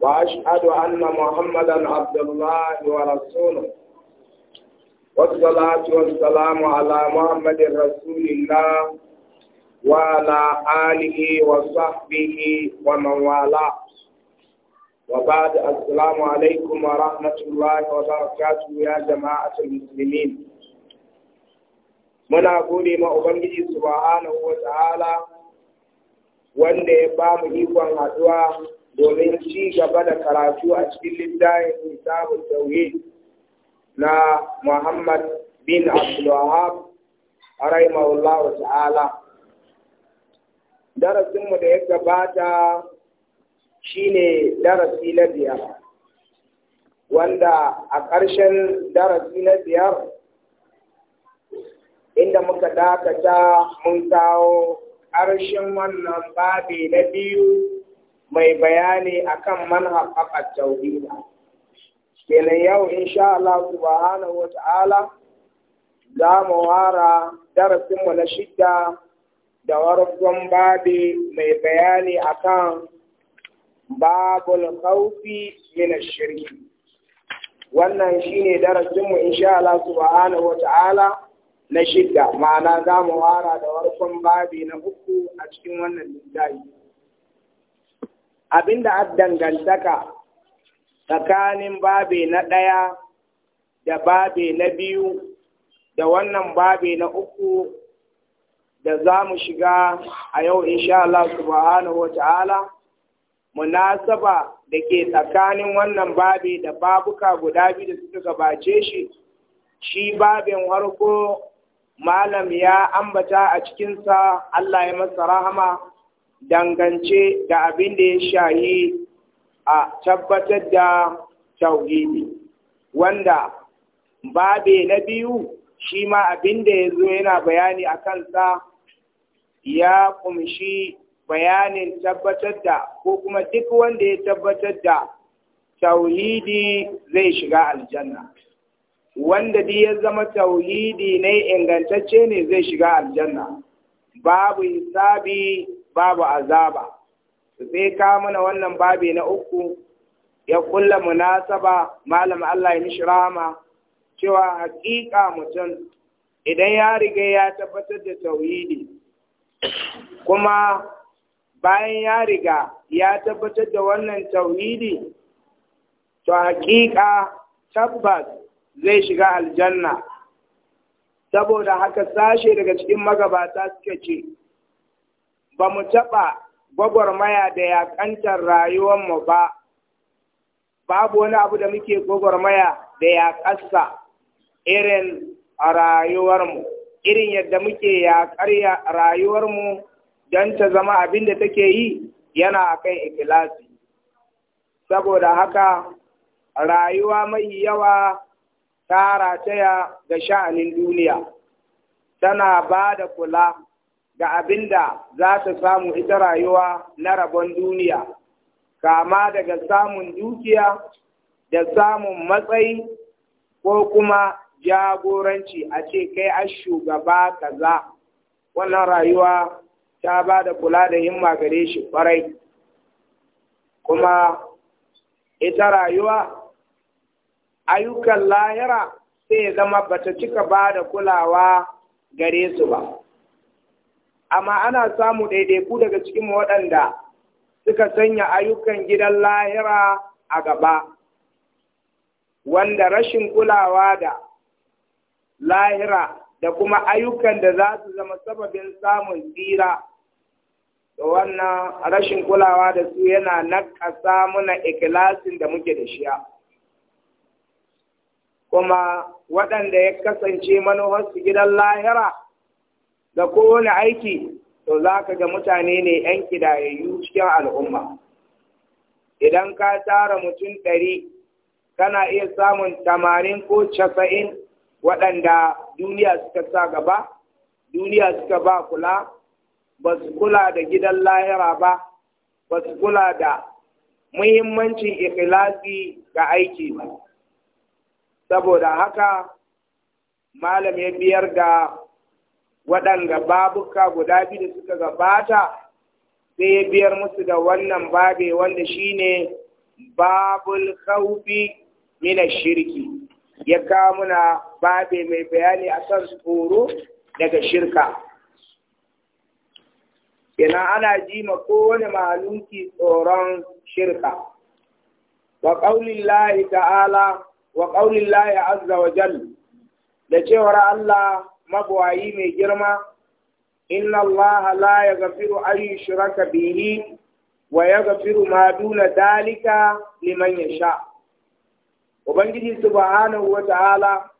وأشهد أن محمدا عبد الله ورسوله والصلاة والسلام على محمد رسول الله وعلى آله وصحبه ومن والاه وبعد السلام عليكم ورحمة الله وبركاته يا جماعة المسلمين muna gode ma Ubangiji subhanahu wa ta'ala wanda ya ba mu ikon haɗuwa domin ci gaba da karatu a cikin littafin kitabun tauhid na Muhammad bin Abdul Wahab rahimahullah ta'ala darasin mu da ya gabata shine darasi na biyar wanda a ƙarshen darasi na biyar inda muka dakata mun kawo ƙarshen wannan babi na biyu mai bayani akan man haƙa tauhida kenan yau insha Allah subhanahu wa ta'ala za mu wara darasinmu na shidda da warfin babi mai bayani akan babul khawfi min ash wannan shine darasinmu insha Allah subhanahu wa ta'ala na shidda ma'ana za mu wara da warkon babi na uku a cikin wannan littafi abinda a dangantaka tsakanin babe na ɗaya da babe na biyu da wannan babe na uku da za mu shiga a yau insha Allah subhanahu wa ta'ala munasaba da ke tsakanin wannan babe da babuka guda biyu da suka gabace shi shi babin harko malam ya ambata a cikinsa Allah ya masa rahama dangance da abin da ya shahi a tabbatar da tauhidi wanda babe na biyu shi ma abin da ya zo yana bayani a kansa ya kumshi bayanin tabbatar da ko kuma duk wanda ya tabbatar da tauhidi zai shiga aljanna wanda duk ya zama tauhidi ne ingantacce ne zai shiga aljanna babu hisabi babu azaba sai ka mana wannan babi na uku ya kulla munasaba malam Allah ya mishi rahama cewa hakika mutum idan ya riga ya tabbatar da tauhidi kuma bayan ya riga ya tabbatar da wannan tauhidi to hakika tabbas zai shiga aljanna saboda haka sashe daga cikin magabata suka ce ba mu taɓa gwagwarmaya da yaƙantar rayuwarmu ba, babu wani abu da muke gwagwarmaya da yaƙarsa irin rayuwarmu, irin yadda muke yaƙar rayuwarmu don ta zama abin da take yi yana akan ikilasi. Saboda haka rayuwa mai yawa ta rataya ga sha'anin duniya, tana ba da kula. ga abin da za ta samu ita rayuwa na rabon duniya, kama daga samun dukiya da samun matsayi ko kuma jagoranci a ce kai a shugaba kaza wannan rayuwa ta ba da kula da himma gare shi kwarai kuma ita rayuwa ayyukan lahira sai ya zama bata cika ba da kulawa gare su ba amma ana samu daidaiku daga cikin waɗanda suka sanya ayyukan gidan lahira a gaba wanda rashin kulawa da lahira da kuma ayyukan da za su zama sababin samun tsira da wannan rashin kulawa da su yana nakasa muna ikilasin da muke da shiya kuma waɗanda ya kasance su gidan lahira da kowane aiki to za ka ga mutane ne 'yan kidayayyu cikin al'umma idan ka tara mutum ɗari kana iya samun tamanin ko casa'in waɗanda duniya suka sa gaba duniya suka ba kula ba su kula da gidan lahira ba ba su kula da muhimmancin ikhlasi ga aiki ba saboda haka malam ya biyar da waɗanda babuka guda biyu da suka gabata sai ya biyar musu da wannan babe wanda shine babul khawfi min shirki ya kawo muna babe mai bayani akan tsoro daga shirka Ina ana ji ma kowane tsoron shirka wa qaulillahi ta'ala wa qaulillahi azza wa da cewar Allah magwayi mai girma inna Allah la gafiru an yushraka biyu. wa gafiru ma duna dalika liman ya sha. ubangiji subhanahu wa ta'ala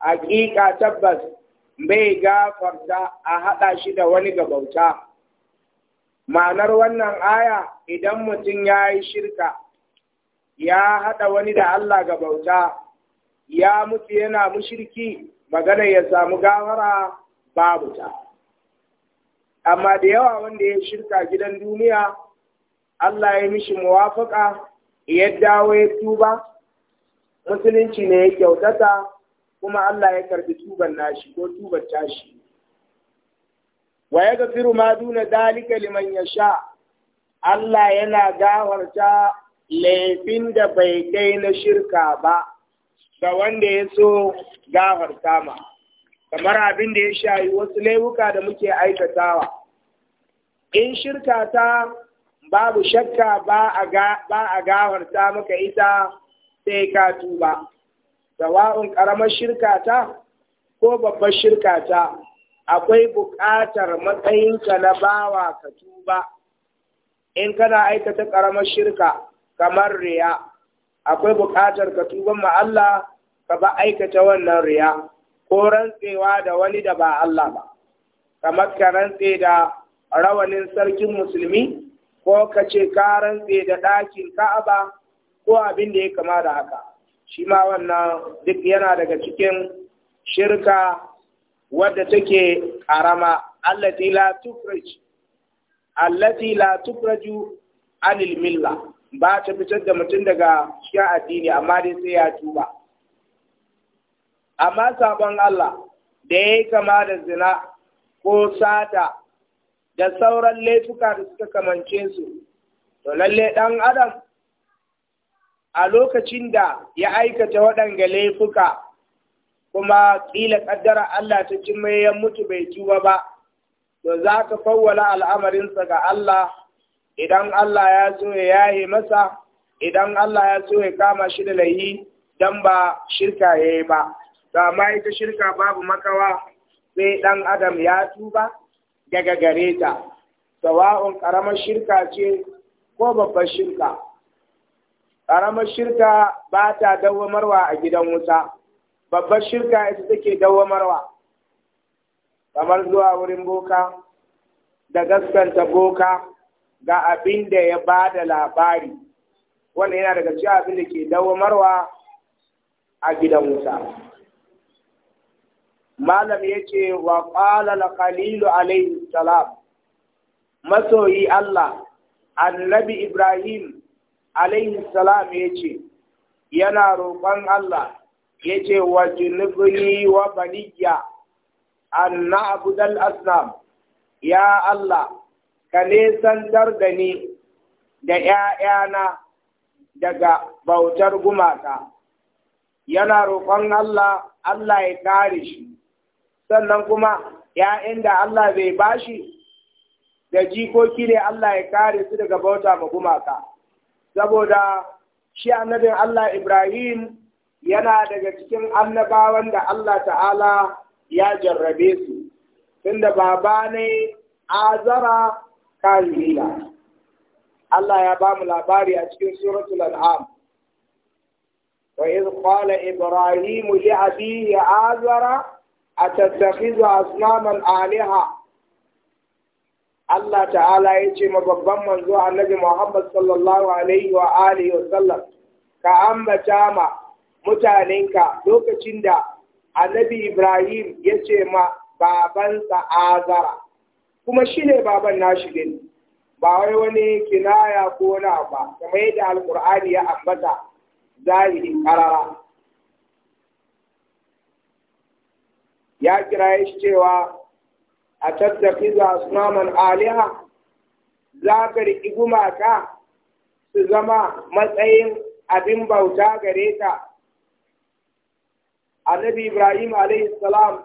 Haƙiƙa tabbas bai gafarta a haɗa shi da wani gabauta ma'anar wannan aya idan mutum ya yi shirka ya haɗa wani da Allah gabauta ya mutu yana mushirki magana ya samu gawara babu ta amma da yawa wanda ya shirka gidan duniya Allah ya mishi muwafaka ya dawo ya tuba musulunci ne ya kyautata kuma Allah ya karbi tuban nashi ko tuban tashi wa ya firu ma duna dalika liman ya sha Allah yana gawarta laifin da bai kai na shirka ba ga wanda ya so gafarta ma kamar abin da ya shayi wasu laifuka da muke aikatawa in shirka ta babu shakka ba a gafarta maka ita sai ka tuba sawa'un karamar shirka ta ko babbar shirka ta akwai buƙatar matsayinka na bawa ka tuba in kana aikata ƙaramar shirka kamar riya akwai buƙatar ka tuban ma Allah ka ba aikata wannan riya ko rantsewa da wani da ba Allah ba kamar ka rantse da rawanin sarkin musulmi ko ka ce ka rantse da ɗakin ka'aba ko abin da ya kama da haka shi ma wannan duk yana daga cikin shirka wadda take karama allati la tufrij allati la tufraju anil milla ba ta fitar da mutum daga cikin addini amma dai sai ya tuba amma sabon Allah da ya yi kama da zina ko sata da sauran laifuka da suka kamance su to lalle ɗan adam a lokacin da ya aikata waɗanga laifuka kuma ƙila ƙaddara Allah ta cin mai mutu bai tuba ba to za ka fawwala al'amarinsa ga Allah idan Allah ya so ya yaye masa idan Allah ya so ya kama shi da laihi don ba shirka ya yi ba to amma ita shirka babu makawa sai ɗan adam ya tuba daga gare ta sawa'un ƙaramar shirka ce ko babbar shirka ƙaramar shirka ba ta dawwamarwa a gidan wuta babbar shirka ita take dawwamarwa kamar zuwa wurin boka da gaskanta boka ga abin da ya ba da labari wannan yana daga cikin abin da ke dawamarwa a gidan wuta malam ce wa qala al qalil alayhi salam masoyi Allah annabi Ibrahim alayhi salam yace yana roƙon Allah ce wa junubni wa baniya an na'budal asnam ya Allah ka nesantar da ni da ‘ya'yana daga bautar gumata, yana roƙon Allah, Allah ya kare shi, sannan kuma ‘ya'yan da Allah bai bashi da jikoki ne Allah ya kare su daga bauta ma gumaka. Saboda shi annabin Allah Ibrahim yana daga cikin annabawan da Allah ta'ala ya jarrabe su, tunda baba ne azara kalila Allah ya ba mu labari a cikin suratul al'am. qala ibrahim li لأبيه azara atattakhizu asnaman aliha Allah ta'ala ya ce ma babban manzo annabi Muhammad sallallahu alaihi wa alihi wa sallam ka ambata ma mutanenka lokacin da annabi Ibrahim ya ce ma babansa azara kuma shi ne baban nashi din ba wai wani kinaya ko na ba kamar yadda alkur'ani ya ambata zahiri karara ya kira shi cewa a tattaki za naman aliha za ka riƙi gumaka su zama matsayin abin bauta gare ka annabi ibrahim salam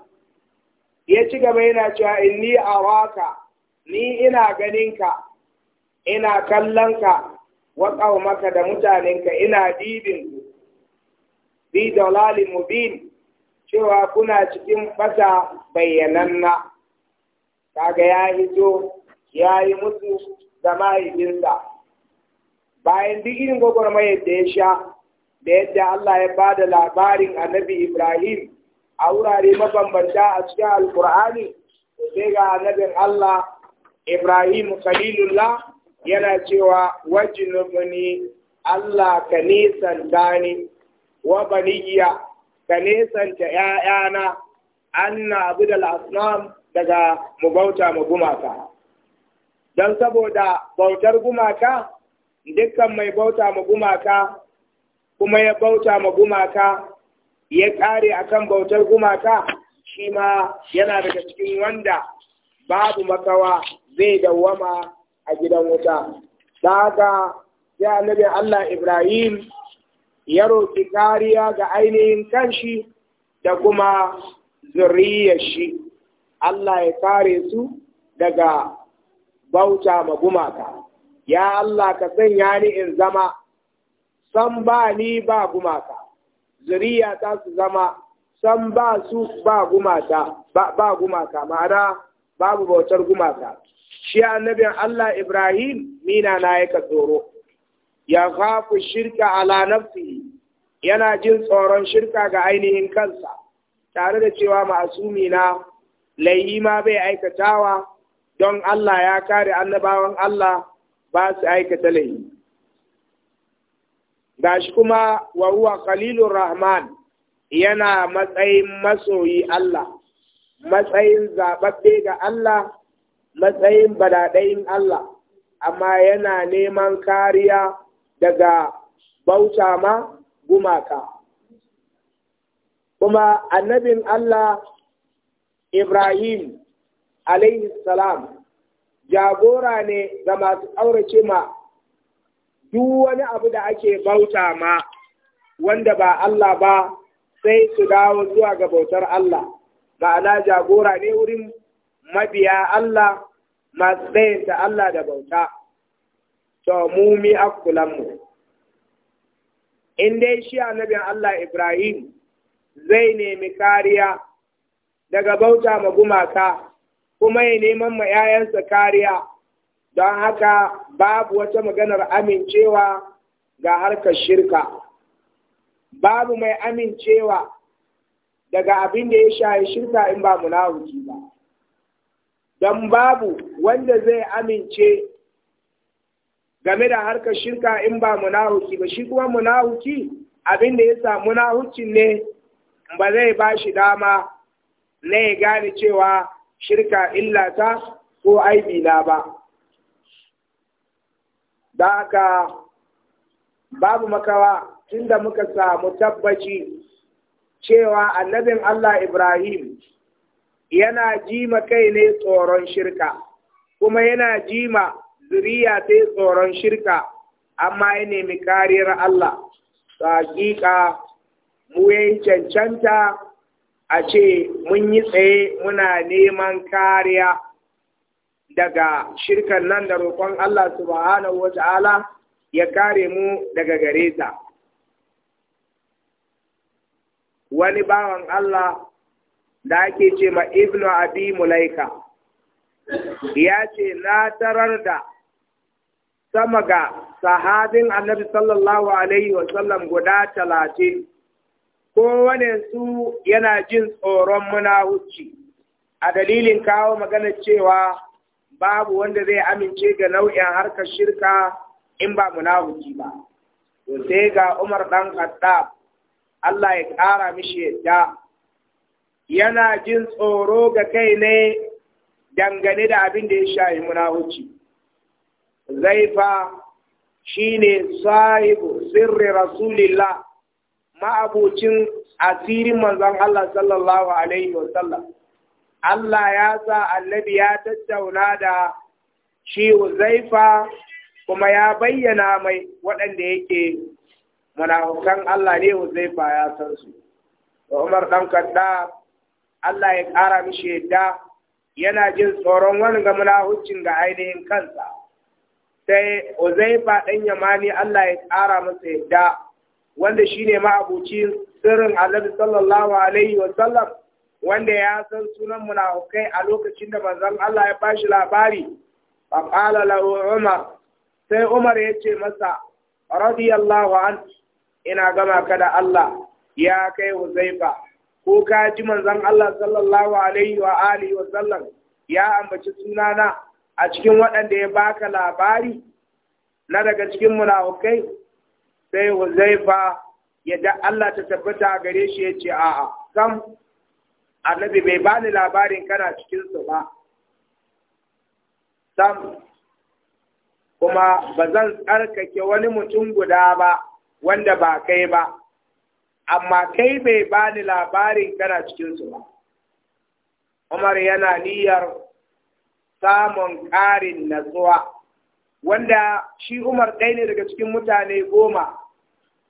ya ci gaba yana cewa a waka ni ina ganinka ina kallonka wa maka da mutanenka ina dibinku, bi dalalin mubin cewa kuna cikin bayanan bayyananna kaga ya yi zo ya yi mutu da mahaifinsa bayan duk irin gwagwarmayar da ya sha da yadda Allah ya ba da labarin annabi Ibrahim a wurare mabambanta a cikin alkur'ani sai ga annabin Allah Ibrahim Khalilullah yana cewa wajinubni Allah ka nisan ni wa baniya ka nesanta ‘ya'yana an na abu da lasnam daga mu bauta mu gumaka. Don saboda bautar gumaka, dukkan mai bauta mu gumaka, kuma ya bauta mu gumaka, ya ƙare kan bautar gumaka, shi ma yana daga cikin wanda babu makawa zai dawwama a gidan wuta. Da haka, ya Allah Ibrahim ya roƙi kariya ga ainihin kanshi da kuma zuriyar shi Allah ya kare su daga bauta ma gumaka ya Allah ka sanya ni in zama san ba ni ba gumaka zuriya ta su zama san ba su ba gumaka ba gumaka ma'ana babu bautar gumaka shi annabin Allah Ibrahim mina na ka tsoro ya khafu shirka ala nafsi yana jin tsoron shirka ga ainihin kansa tare da cewa ma'asumi na laihi ma bai aikatawa don Allah ya kare annabawan Allah ba su aikata laihi gashi kuma wa huwa rahman yana matsayin masoyi Allah matsayin zababbe ga Allah matsayin badadayin Allah amma yana neman kariya daga bauta ma gumaka. Kuma annabin Allah Ibrahim alaihi salam jagora ne ga masu aurace ma duk wani abu da ake bauta ma wanda ba Allah ba sai su dawo zuwa ga bautar Allah, ma'ana jagora ne wurin mabiya Allah masu tsayinta Allah da bauta. to mu mi akulan mu in dai shi annabin Allah Ibrahim zai nemi kariya daga bauta ma gumaka kuma ya neman ma 'ya'yansa kariya don haka babu wata maganar amincewa ga harkar shirka babu mai amincewa daga abin da ya shaye shirka in ba munafiki ba don babu wanda zai amince game da harkar shirka in ba munahuki ba shi kuma munahuki abin da ya samu munahukin ne ba zai ba shi dama na ya gane cewa shirka illata ko aibi na ba da haka babu makawa tunda muka samu tabbaci cewa annabin Allah Ibrahim yana jima kai ne tsoron shirka kuma yana jima zuriya ta yi tsoron shirka amma ya nemi kariyar Allah to hakika mu yi cancanta a ce mun yi tsaye muna neman kariya daga shirkan nan da roƙon Allah subhanahu wa ta'ala ya kare mu daga gare ta wani bawan Allah da ake ce ma ibnu abi mulaika ya ce na tarar da sama ga sahabin annabi sallallahu alaihi sallam guda talatin kowane su yana jin tsoron munahuci a dalilin kawo magana cewa babu wanda zai amince ga nau'in harkar shirka in ba munahuci ba to sai ga Umar ɗan Khattab Allah ya ƙara mishi yadda yana jin tsoro ga kai ne dangane da abin da ya shahi munahuci zaifa shine sahibu sirri rasulillah ma'abucin asirin manzon Allah sallallahu alaihi wasallam Allah ya sa annabi ya tattauna da shi zaifa kuma ya bayyana mai waɗanda yake munafukan Allah ne Huzaifa ya san su da Umar ɗan Kadda Allah ya ƙara mishi yadda yana jin tsoron wani ga munafucin ga ainihin kansa sai Uzaifa ɗan Yamani Allah ya ƙara masa yadda wanda shine ma'abucin sirrin Annabi sallallahu alaihi wa sallam wanda ya san sunan munafikai a lokacin da manzon Allah ya bashi labari fa qala lahu Umar sai Umar ya ce masa radiyallahu an ina gama ka da Allah ya kai Uzaifa ko ka ji manzon Allah sallallahu alaihi wa alihi wa sallam ya ambaci sunana a cikin waɗanda ya baka labari na daga cikin munafukai sai Huzaifa yadda Allah ta tabbata gare shi ya ce a'a sam annabi bai bani labarin kana cikin su ba sam kuma ba zan tsarkake wani mutum guda ba wanda ba kai ba amma kai bai bani labarin kana cikin su ba Umar yana niyyar samun ƙarin natsuwa wanda shi Umar ɗaya ne daga cikin mutane goma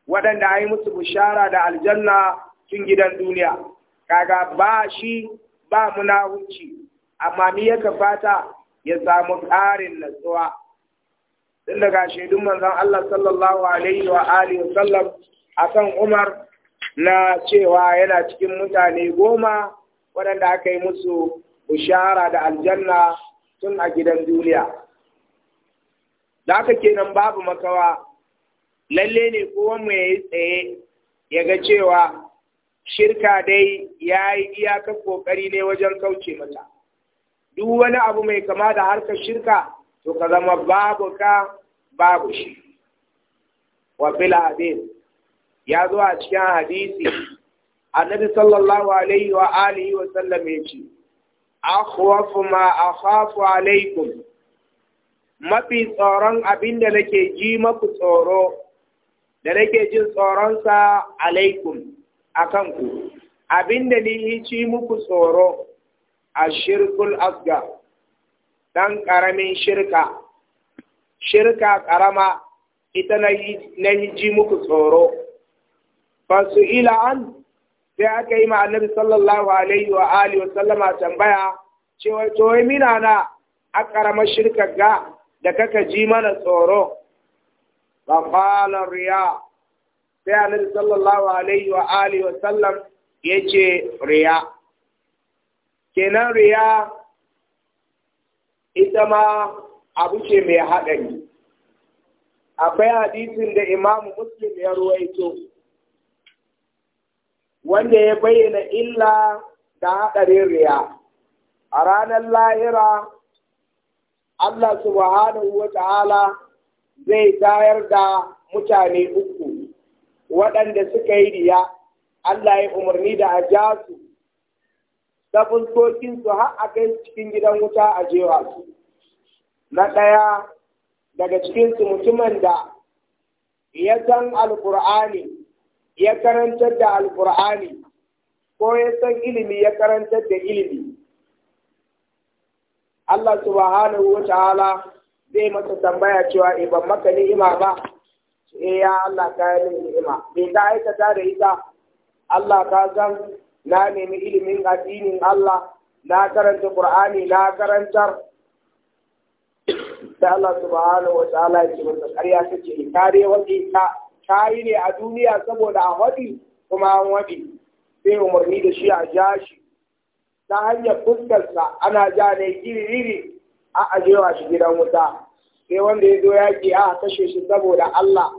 waɗanda a yi musu bishara da aljanna tun gidan duniya kaga ba shi ba munafunci amma mi ya fata ya samu ƙarin natsuwa tun daga shaidun manzon Allah sallallahu alaihi wa alihi sallam akan Umar na cewa yana cikin mutane goma waɗanda aka yi musu bishara da aljanna tun a gidan duniya da haka kenan babu makawa lalle ne kowanmu ya yi tsaye ya ga cewa shirka dai ya yi iyakar ƙoƙari ne wajen kauce mata duk wani abu mai kama da harkar shirka to ka zama babu ka babu shi wa Abin ya zo a cikin hadisi annabi sallallahu alaihi wa alihi wa sallam ya ce akhwafu ma akhafu alaikum mafi tsoron abin da nake ji maku tsoro da nake jin tsoronsa alaikum a kanku abin da ni ci muku tsoro a shirkul asga ɗan ƙaramin shirka shirka ƙarama ita na ji muku tsoro fasu ila an sai aka yi ma annabi sallallahu alaihi wa alihi wa sallama tambaya cewa to wai mina na a karama shirka ga da kaka ji mana tsoro fa qala riya sai annabi sallallahu alaihi wa alihi wa sallam yace riya kenan riya ita ma abu ce mai haɗari akwai hadisin da imamu muslim ya ruwaito wanda ya bayyana illa da haɗarin riya a ranar lahira Allah subhanahu wa ta'ala zai tayar da mutane uku waɗanda suka yi riya Allah ya umarni da a ja su ta fuskokinsu har a kai cikin gidan wuta a jewa su na ɗaya daga cikinsu mutumin da ya san alkur'ani ya karantar da alkur'ani ko ya san ilimi ya karantar da ilimi Allah subhanahu wa ta'ala zai masa tambaya cewa "Iban eh, ban maka ni'ima ba e ya Allah ka yi min ni'ima me ka aikata da ita Allah ka san na nemi ilimin addinin Allah na karanta Qur'ani na karantar da Allah subhanahu wa ta'ala ya ce masa ƙarya take in kare wasiƙa ta ne a duniya saboda a waɗi kuma an waɗi sai umarni da shi a ja shi ta hanyar fuskarsa ana ja ne iri a ajewa shi gidan wuta sai wanda ya zo yaƙi a kashe shi saboda Allah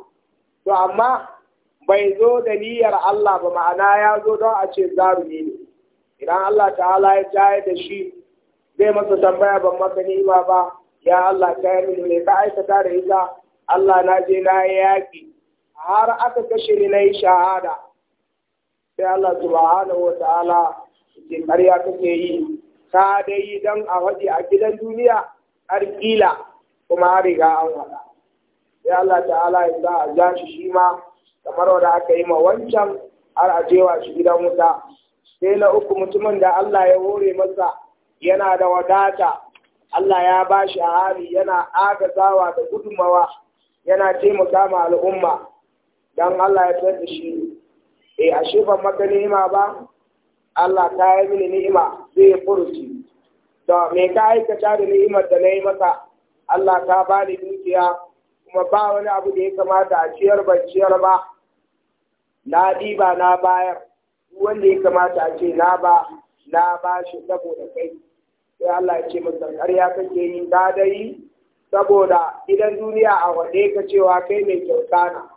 to amma bai zo da niyyar Allah ba ma'ana ya zo don a ce zarumi ne idan Allah ta'ala ya tayar da shi zai masa tambaya ban maka ni'ima ba ya Allah ta yi mini ka aikata da ita Allah na je na yaƙi har aka kashe ni na yi shahada sai Allah subhanahu wa ta'ala ke ƙarya kake yi ka dai yi dan a waje a gidan duniya har kila kuma har riga an wada sai Allah ta'ala ya sa a ja shi shi ma kamar wanda aka yi ma wancan har a jewa shi gidan wuta sai na uku mutumin da Allah ya hore masa yana da wadata Allah ya ba shi a hali yana agazawa da gudunmawa yana taimaka ma al'umma dan Allah ya tsaya da shi eh ashe ban maka ni'ima ba Allah ta yi mini ni'ima zai furuci to me ka aikata da ni'imar da na yi maka Allah ta ba ni dukiya kuma ba wani abu da ya kamata a ciyar ban ciyar ba na diba na bayar wanda ya kamata a ce na ba na ba shi saboda kai sai Allah ya ce masa ƙarya kake yi dadai dai saboda idan duniya a wanda ka cewa kai mai kyauta na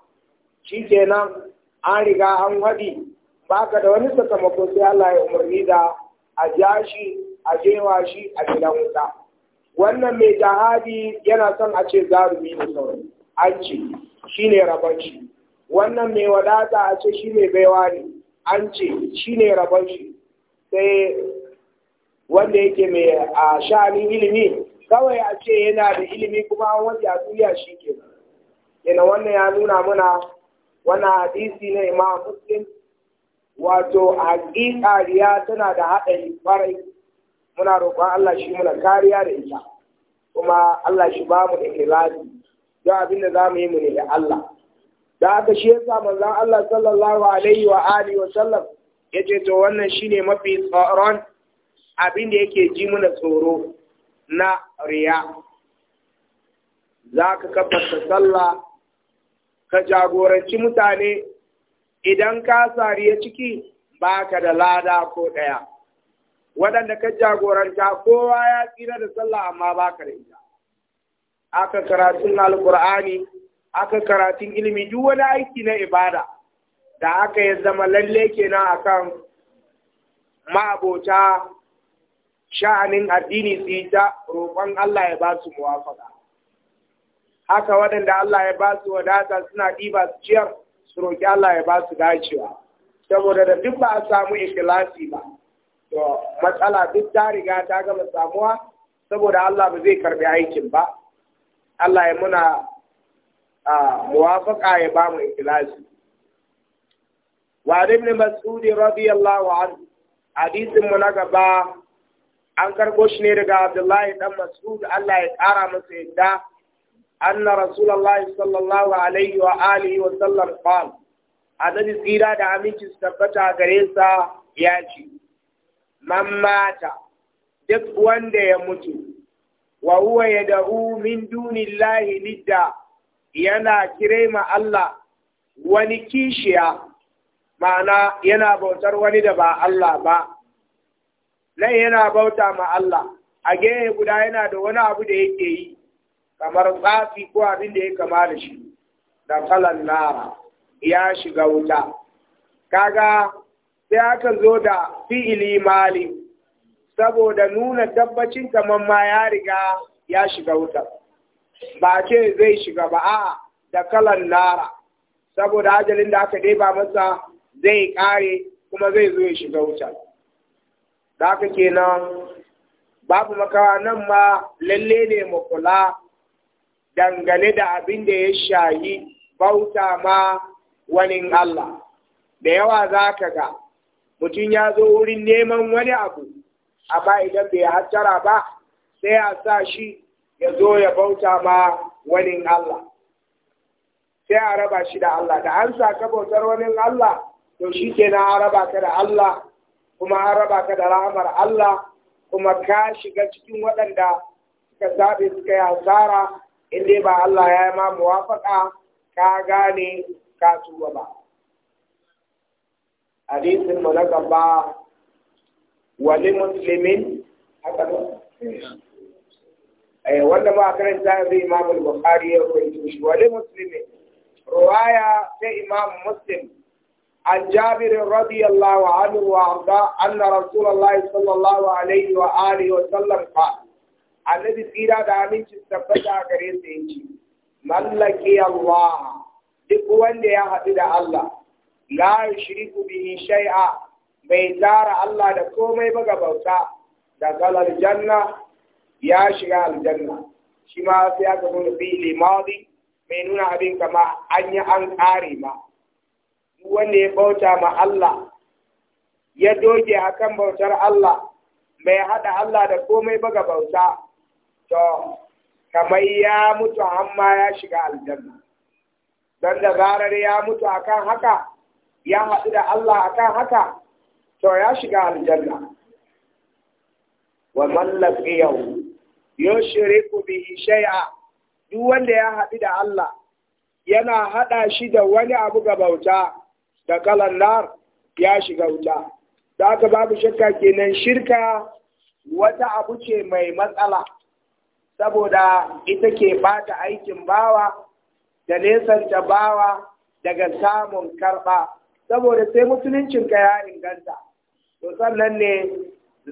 shi kenan an riga an haɗi Ba ka da wani sakamako sai Allah ya umarni da a ja shi a jewa shi a gidan wuta wannan mai jihadi yana son a ce zarumi da sauran an ce shi ne rabon shi wannan mai wadata a ce shi mai baiwa ne an ce shi ne rabon shi sai wanda yake mai a sha'anin ilimi kawai a ce yana da ilimi kuma wani a duniya shi ke yana wannan ya nuna mana wani hadisi na ma muslim wato hakika riya tana da haɗari farai muna roƙon Allah shi muna kariya da ita kuma Allah shi ba mu da ikhlasi don abin da za mu yi mu ne da Allah da aka shi yasa manzon Allah sallallahu alaihi wa alihi wa sallam yace to wannan shine mafi tsaron abin da yake ji mana tsoro na riya za ka kafarta sallah ka jagoranci mutane idan ka sariya ciki ba ka da lada ko ɗaya waɗanda ka jagoranta kowa ya tsira da sallah amma ba ka da ita aka karatun alkur'ani aka karatun ilimi duk wani aiki na ibada da aka ya zama lalle kenan akan ma'abota sha'anin addini su yi ta roƙon Allah ya ba su muwafaka haka waɗanda Allah ya ba su wadata suna ɗiba su ciyar su roƙi Allah ya ba su dacewa saboda da duk ba a samu ikilasi ba to matsala duk ta riga ta gama samuwa saboda Allah ba zai karbi aikin ba Allah ya muna muwafaka ya ba mu ikilasi wa ibn mas'ud radiyallahu anhu hadisin mu na gaba an karɓo shi ne daga Abdullahi dan Mas'ud Allah ya kara masa yadda أن رسول الله صلى الله عليه وآله وسلم قال annabi tsira da aminci su tabbata gare sa ya ce, Man duk wanda ya mutu, wa huwa ya da'u min dunillahi lidda yana kire ma Allah wani kishiya, ma'ana yana bautar wani da ba Allah ba, nan yana bauta ma Allah, a gehe guda yana da wani abu da yake yi, kamar tsafi ko abin da ya kama da shi da kalan nara ya shiga wuta kaga sai aka zo da fi'ili mali saboda nuna tabbacin kamar ma ya riga ya shiga wuta ba ce zai shiga ba a da kalan nara saboda ajalin da aka ɗeba masa zai ƙare kuma zai zo ya shiga wuta da ke kenan babu makawa nan ma lalle ne mu kula dangane da abin da ya shayi bauta ma wani Allah. Da yawa za ka ga mutum ya zo wurin neman wani abu, amma idan bai hattara ba sai a sa shi ya zo ya bauta ma wani Allah. Sai a raba shi da Allah, da an sa ka bautar wani Allah, to shi ke na raba ka da Allah, kuma an raba ka da ramar Allah, kuma ka shiga cikin waɗanda suka zaɓe suka yi hasara in ba Allah ya ma muwafaqa ka gane ka tuba ba hadithin mu ba gaba wali muslimin haka ne wanda ba karanta zai imam al-bukhari ya rawaito shi wali muslimin ta imam muslim عن جابر رضي الله عنه وأرضاه أن رسول الله صلى الله عليه وآله وسلم قال annabi tsira da aminci tabbata gare su yace mallaki Allah duk wanda ya haɗu da Allah la yushriku bihi shai'a mai tsara Allah da komai ba ga bauta da galar janna ya shiga aljanna Shima ma sai ya zama da mai nuna abin kama an yi an ƙare ma wanda ya bauta ma Allah ya doge akan bautar Allah mai haɗa Allah da komai ba bauta to kamar ya mutu amma ya shiga aljanna don da zarar ya mutu akan haka ya haɗu da Allah akan haka to ya shiga aljanna wa mallaki yau yushriku bihi shay'a duk wanda ya haɗu da Allah yana haɗa shi da wani abu ga bauta da kalan nar ya shiga wuta da haka babu shakka kenan shirka wata abu ce mai matsala saboda ita ke bata aikin bawa da nesanta bawa daga samun karɓa saboda sai musuluncinka ya inganta to sannan ne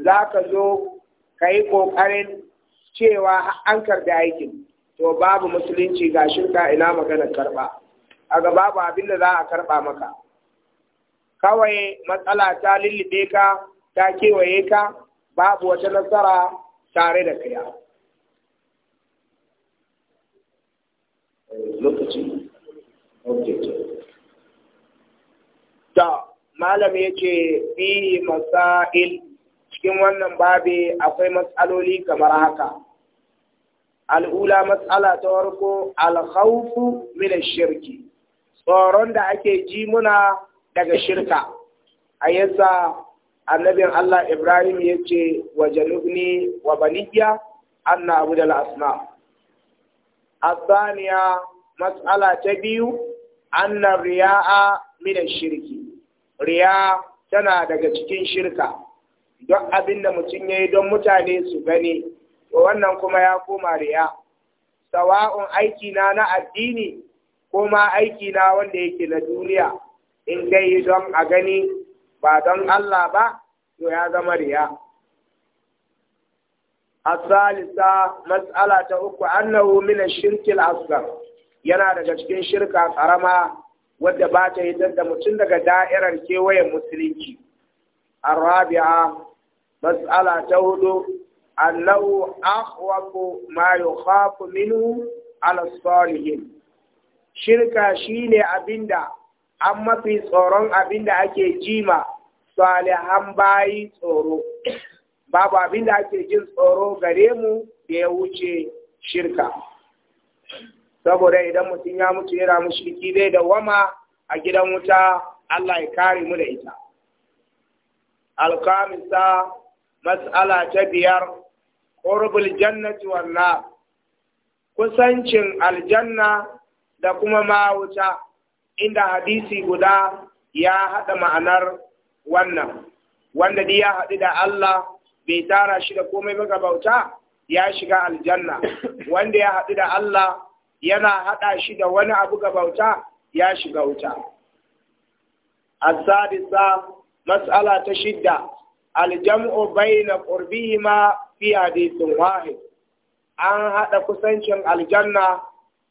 za ka zo ka yi ƙoƙarin cewa an karɓi aikin to babu musulunci ga shirka ina maganar karɓa a ga babu abin da za a karɓa maka kawai matsala ta lullube ka ta kewaye ka babu wata nasara tare da kaya. malam ya ce fi masail cikin wannan babe akwai matsaloli kamar haka al'ula matsala ta warko alhaufu mina shirki tsoron da ake ji muna daga shirka a yasa annabin Allah Ibrahim ya ce wa janubni wa baniya an na abu da al'asna asaniya matsala ta biyu annar riya'a mina shirki riya tana daga cikin shirka don abin da mutum ya yi don mutane su gani wannan kuma ya koma riya sawa'un aiki na na addini ko ma aiki na wanda yake na duniya in kai don a gani ba don Allah ba to ya zama riya A asalisa matsala ta uku annahu min ash-shirk yana daga cikin shirka karama wadda ba ta yi da mutum daga da'irar kewayen musulunci arabi'a mas'ala ta hudu annahu akhwaqu ma yukhafu minhu ala salihin shirka shine abinda an mafi tsoron abinda ake jima salihan bayi tsoro babu abinda ake jin tsoro gare mu da ya wuce shirka saboda idan mutum ya mutu yana mushriki zai wama a gidan wuta Allah ya kare mu da ita alkamisa mas'ala ta biyar qurbul jannati wan kusancin aljanna da kuma ma wuta inda hadisi guda ya haɗa ma'anar wannan wanda dai ya haɗu da Allah bai tara shi da komai maka bauta ya shiga aljanna wanda ya haɗu da Allah yana haɗa shi da wani abu ga bauta ya shiga wuta. sadisa Mas'ala ta shidda, aljam'u baina qurbihima fi hadithin wahid. An haɗa kusancin aljanna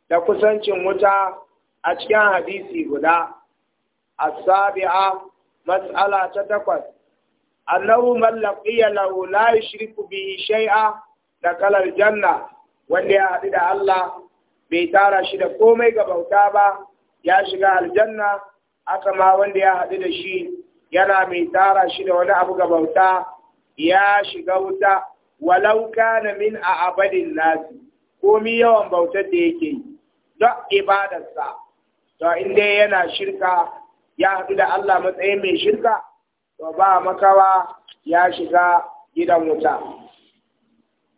da kusancin wuta a cikin hadisi guda. Asabi'a Mas'ala ta takwas, annahu mallaqiya lahu la yushriku bihi shay'a da kalar janna wanda ya haɗu da Allah bai tara shi da komai ga bauta ba ya shiga aljanna aka ma wanda ya haɗu da shi yana mai tara shi da wani abu ga bauta ya shiga wuta walau kana min a abadin nasi komi yawan bautar da yake don ibadarsa to in dai yana shirka ya haɗu da Allah matsayin mai shirka to ba makawa ya shiga gidan wuta.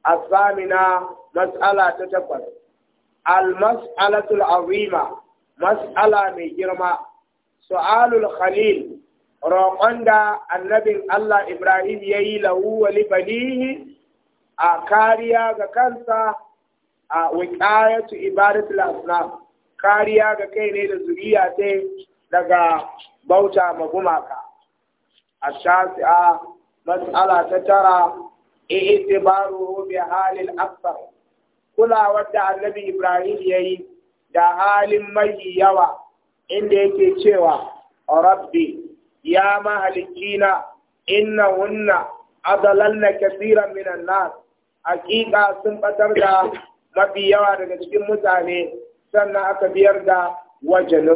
Asamina matsala ta takwas. al-mas'alatul azima mas'ala mai girma su'alul khalil roƙon da annabin Allah Ibrahim ya yi lahu wa libanihi a kariya ga kansa a wiƙayatu ibadatul asnam kariya ga kai ne da zuriya ta daga bauta ma gumaka a shafi'a mas'ala ta tara i'tibaruhu bi halil akthar kulawar da annabi Ibrahim ya yi da halin mai yawa inda yake cewa rabbi ya mahalikina inna wunna adalanna kasiran minan nas hakika sun batar da mafi yawa daga cikin mutane sannan aka biyar da wajen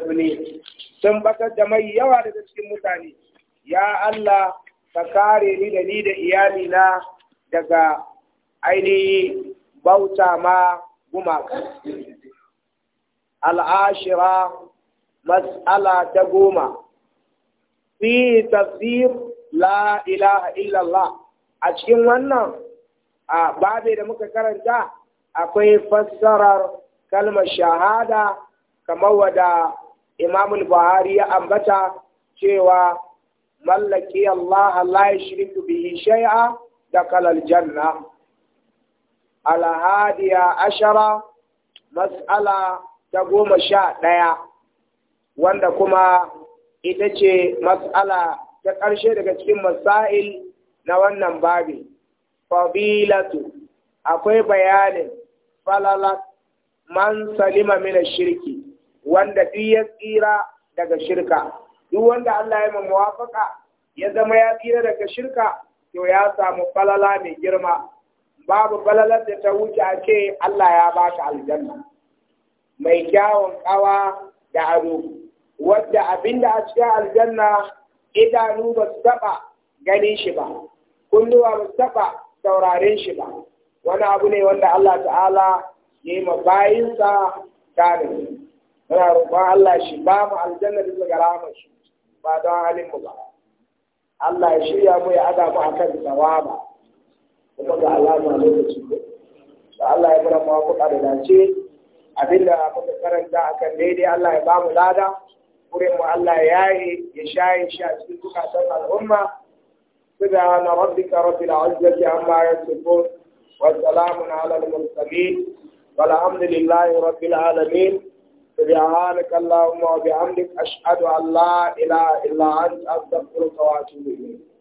sun batar da mai yawa daga cikin mutane ya Allah ka kare ni da ni da iyalina daga ainihi bauta ma gumaka al'ashira mas'ala ta goma fi tafsir la ilaha illallah a cikin wannan a babe da muka karanta akwai fassarar kalmar shahada kamar wada imamul buhari ya ambata cewa mallaki Allah la yushriku bihi shay'a da kalar janna alhadiya ashara mas'ala ta goma sha ɗaya wanda kuma ita ce mas'ala ta ƙarshe daga cikin masail na wannan babi fabilatu akwai bayanin falalat man salima mina shirki wanda duk ya tsira daga shirka duk wanda Allah ya mawafaka ya zama ya tsira daga shirka to ya samu falala mai girma babu balalar da ta wuce a ce Allah ya baka aljanna mai kyawun kawa da aro wadda abinda a cikin aljanna idanu ba su taba ganin shi ba kunnuwa ba su taba sauraren shi ba wani abu ne wanda Allah ta'ala ya yi ma bayinsa gane muna roƙon Allah shi ba mu aljanna da gara shi ba don halin mu ba Allah ya shirya mu ya ada mu akan tawaba. kuma ga alama lokaci da Allah ya fara mawafuka da dace abinda muka karanta akan daidai Allah ya bamu lada wurin mu Allah ya yi ya shaye shi a cikin zukatan al'umma سبحان ربك رب العزة عما يصفون وسلام على المرسلين والحمد لله رب العالمين سبحانك اللهم وبحمدك أشهد أن لا إله إلا أنت أستغفرك وأتوب إليك